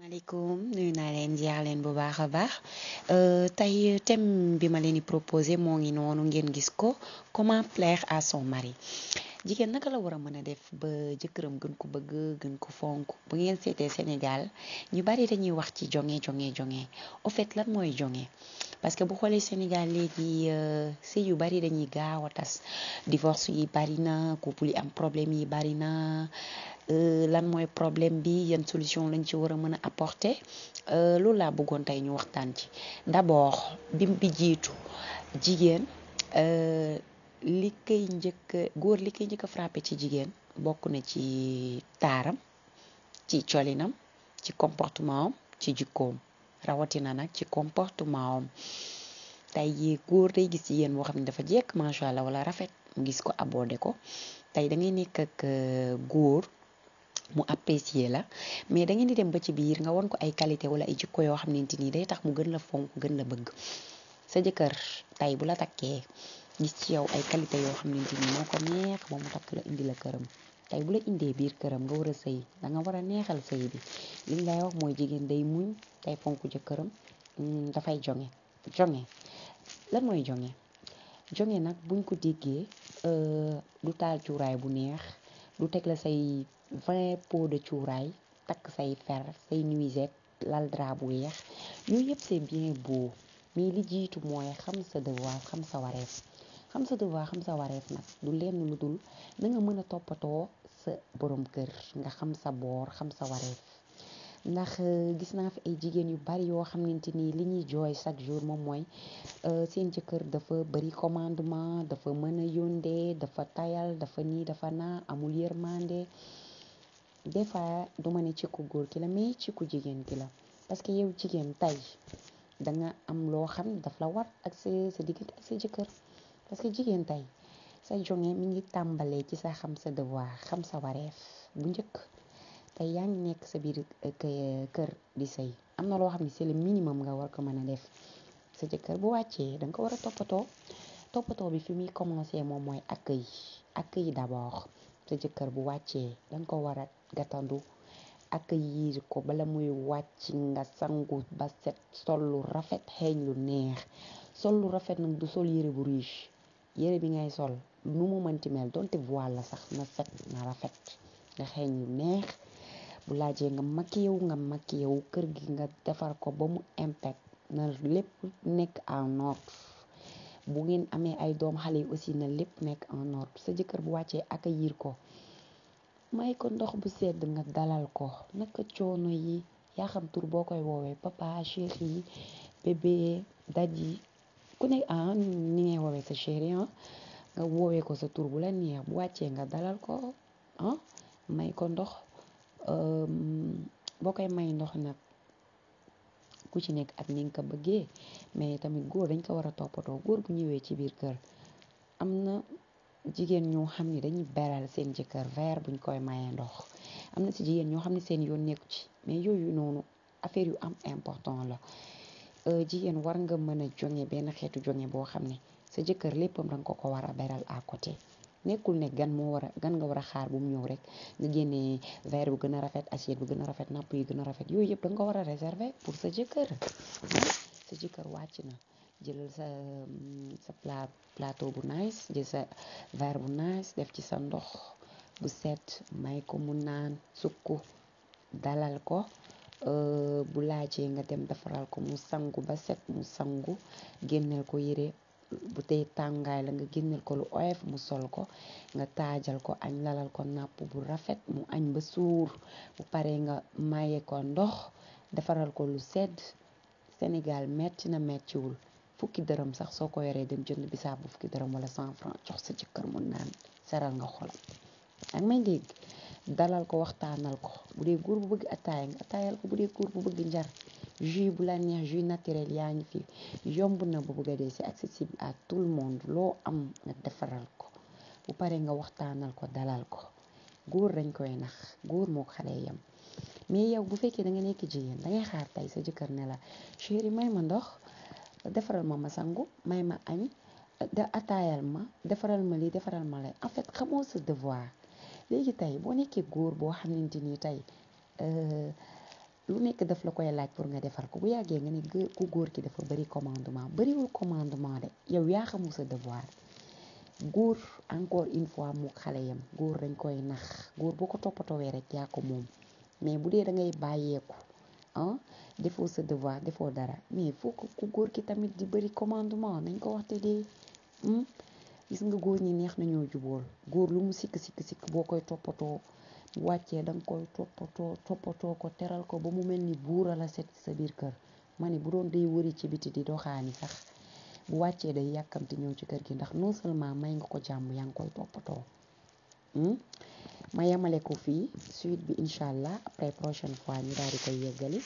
maaleykum nuyu naa leen jaar leen bu baax a baax euh, tey tem bi ma leen di proposé moo ngi noonu ngeen gis ko comment plaire à somari jigéen naka la war a mën a def ba jëkkëram gën ku bëgg gën ko fonk bu ngeen seetee Sénégal ñu bari dañuy wax ci jonge jonge jonge au fait lan mooy jonge parce que bu xoolee Sénégal léegi euh, si yu bari dañuy gaaw a tas divorce yi bari na couple yi am problème yi bari na Euh, lan mooy problème bi yan solution lañ ci war a mën a apporter euh, loolu laa bëggoon tey ñu waxtaan ci d'abord bim bi jiitu jigéen euh, li koy njëkk góor li koy njëkk frappe ci jigéen bokk na ci taaram ci colinam ci comportement am ci jikkoom rawatina nag ci comportement am tey jii góor day gis jigéen boo xam ne dafa jekk macha allah wala rafet mu gis ko abordé ko tey da ngay góor mu apprécier la mais da ngeen di dem ba ci biir nga won ko ay qualité wala ay jikko yoo xam xamante ni day tax mu gën la fonk gën la bëgg sa jëkkër tey bu la takkee gis ci yow ay qualité yoo xamante ni moo ko neex ba mu takk la indi la këram tey bu la indee biir këram nga war a sëy da nga war a neexal sëy bi liñ lay wax mooy jigéen day muñ tey fonk jëkkëram mm, dafay jonge jonge lan mooy jonge jonge nag buñ ko déggee euh, du taal cuuraay bu neex du teg la say vingt pots de cuuraay takk say fer say nuisette lal drap bu weex yooyu yëpp c'est bien beau mais li jiitu mooy xam sa devoir xam sa wareef xam sa devoir xam sa wareef nag du lenn lu dul na nga mën a toppatoo sa borom kër nga xam sa boor xam sa wareef ndax euh, gis naa fi ay jigéen yu bari yoo xamante ni li ñuy jooy chaque jour moom mooy euh, seen jëkkër dafa bari commandement dafa mën a yóndee dafa tayal dafa nii dafa naa amul yërmande des fois du ma ne ci góor ki la mais ci jigéen ki la parce que yow jigéen tay da nga am loo xam daf la war ak sa sa diggante ak sa jëkkër parce que jigéen tay sa jonge mi ngi tàmbalee ci sa xam sa devoir xam sa wareef bu njëkk tey yaa ngi nekk sa biir eh, kër di sëy am na loo xam ne c'est le minimum nga war ko mën a def sa jëkkër bu wàccee da ko war a toppatoo toppatoo bi fi muy commencé moom mooy accueil accueil d'abord sa jëkkër bu wàccee da ko war a gàttandu accueillir ko bala muy wàcc nga sangu ba set sol lu rafet xeeñ lu neex sol lu rafet nag du sol yére bu riche yére bi ngay sol nu mu mënti mel donte voile la sax na set na rafet nga xeeñ lu neex bu laajee nga maquillé wu nga maquillé wu kër gi nga defar ko ba mu impact na lépp nekk en ordre bu ngeen amee ay doom xale yi aussi na lépp nekk en ordre sa jëkkër bu wàccee ak accueillir ko may ko ndox bu sedd nga dalal ko naka coono yi yaa xam tur boo koy woowee papa chéri yi bébé daj yi ku ne ah, ni ngay woowee sa chéri ah, nga woowee ko sa tur bu la neex bu wàccee nga dalal ko ah, may ko ndox boo koy may ndox nag ku ci nekk ak ni nga ko bëggee mais tamit góor dañ ko war a toppatoo góor bu ñëwee ci biir kër am na jigéen ñoo xam ne dañuy beral seen jëkkër verre buñ koy mayee ndox am na si jigéen ñoo xam ne seen yoon nekku ci mais yooyu noonu affaire yu am important la euh, jigéen war nga mën a jonge benn xeetu jonge boo xam ne sa jëkkër léppam danga ko ko war a beral à côté nekkul ne gan moo war gan nga war a xaar bu ñëw rek nga génnee verre bu gën a rafet assiette bu gën a rafet napp yi gën a rafet yooyu yëpp da nga ko war a pour sa jëkkër sa jëkkër wàcc na jëlal sa mm, sa plat plateau bu nice jël sa verre bu nice def ci sa ndox bu set may ko mu naan sukk dalal ko euh, bu laajee nga dem defaral ko mu sangu ba set mu sangu génneel ko yére bu tey tàngaay la nga génneel ko lu oyof mu sol ko nga taajal ko añ lalal ko nàpp bu rafet mu añ ba suur bu paree nga maye ko ndox defaral ko lu sedd Sénégal metti na mettiwul fukki dërëm sax soo ko yoree dem jënd bisaab bu fukki dërëm wala cent franc jox sa jëkkër mu naan seral nga xolam ak may dégg dalal ko waxtaanal ko bu dee góor bu bëgg ataaya nga ataayal ko bu dee góor bu bëgg njar jus bu la neex jus naturel yaa ngi fi yomb na bu bëgg a dee c'est accessible à tout le monde loo am nga defaral ko bu pare nga waxtaanal ko dalal ko góor dañ koy nax góor moo xale yam mais yow bu fekkee da nga nekk jigéen da ngay xaar tey sa jëkkër ne la chéri may ma ndox defaral ma ma sangu may ma añ da ataayal ma defaral ma lii defaral ma lay en fait xamoo sa devoir léegi tey boo nekkee góor boo xamante ni tey euh, lu nekk daf la koy laaj pour nga defar ko bu yàggee nga ne ku góor ki dafa bëri commandement bëriwul commandement de yow yaa xamul sa devoir góor encore une fois mu xale yam góor dañ koy nax góor boo ko toppatoo toppatoowee rek yaa ko moom mais bu dee da ngay bàyyeeku ah defoo sa devoir defoo dara mais faut que ku góor ki tamit di bëri commandement dañ ko waxte dee hmm? gis nga góor ñi neex nañoo jubool góor lu mu sikk sikk sikk boo koy toppatoo wàccee da nga koy toppatoo ko teral ko ba mu mel ni buura la set sa biir kër ma ne bu doon day wëri ci biti di doxaani sax bu wàccee day yàkkamti ñëw ci kër gi ndax non seulement may nga ko jàmm yaa ngi koy toppatoo hmm? ma yemale ko fii suite bi incha allah après prochaine fois ñu daal di koy yeggali